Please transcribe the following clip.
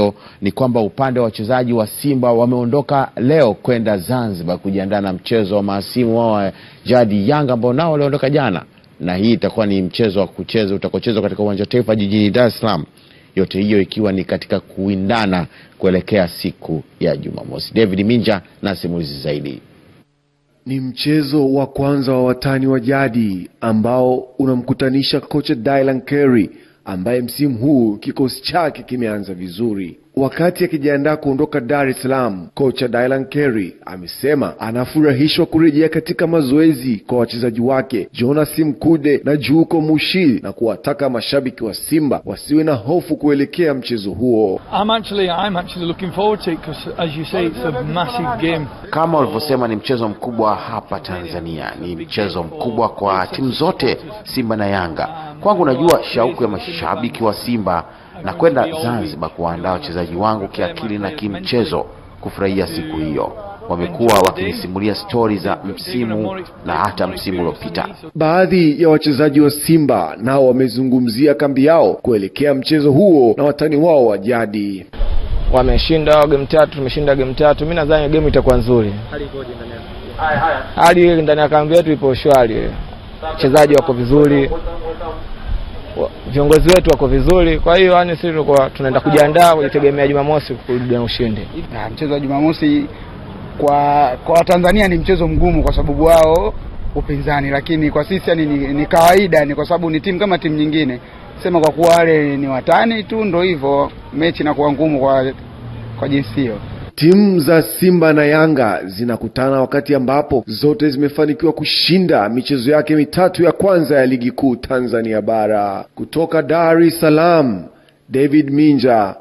Leo ni kwamba upande wa wachezaji wa Simba wameondoka leo kwenda Zanzibar kujiandaa na mchezo wa mahasimu wao wa jadi Yanga ambao nao waliondoka jana, na hii itakuwa ni mchezo wa kucheza utakochezwa katika uwanja wa Taifa jijini Dar es Salaam, yote hiyo ikiwa ni katika kuindana kuelekea siku ya Jumamosi. David Minja na simulizi zaidi. Ni mchezo wa kwanza wa watani wa jadi ambao unamkutanisha kocha Dylan Kerry ambaye msimu huu kikosi chake kimeanza vizuri. Wakati akijiandaa kuondoka Dar es Salaam, kocha Dylan Kerry amesema anafurahishwa kurejea katika mazoezi kwa wachezaji wake Jonas Mkude na Juuko Mushi na kuwataka mashabiki wa Simba wasiwe na hofu kuelekea mchezo huo. I'm actually, I'm actually looking forward to it because as you say it's a massive game. Kama ulivyosema ni mchezo mkubwa hapa Tanzania, ni mchezo mkubwa kwa timu zote Simba na Yanga. Kwangu najua shauku ya mashabiki wa Simba na kwenda Zanzibar kuandaa wachezaji wangu kiakili na kimchezo kufurahia siku hiyo. Wamekuwa wakinisimulia stori za msimu na hata msimu uliopita. Baadhi ya wachezaji wa Simba nao wamezungumzia kambi yao kuelekea mchezo huo na watani wao wa jadi. Wameshinda wa game tatu, tumeshinda game tatu. Mimi nadhani game itakuwa nzuri. Hali ndani ya kambi yetu ipo shwari, wachezaji wako vizuri viongozi wetu wako vizuri, kwa hiyo yani sisi tulikuwa tunaenda kujiandaa kujitegemea Jumamosi kurudi na ushindi. Mchezo wa Jumamosi kwa kwa Watanzania ni mchezo mgumu kwa sababu wao upinzani, lakini kwa sisi yani ni, ni kawaida, ni kwa sababu ni timu kama timu nyingine. Sema kwa kuwa wale ni watani tu, ndo hivyo mechi inakuwa ngumu kwa, kwa jinsi hiyo. Timu za Simba na Yanga zinakutana wakati ambapo zote zimefanikiwa kushinda michezo yake mitatu ya kwanza ya ligi kuu Tanzania bara. Kutoka Dar es Salaam, David Minja.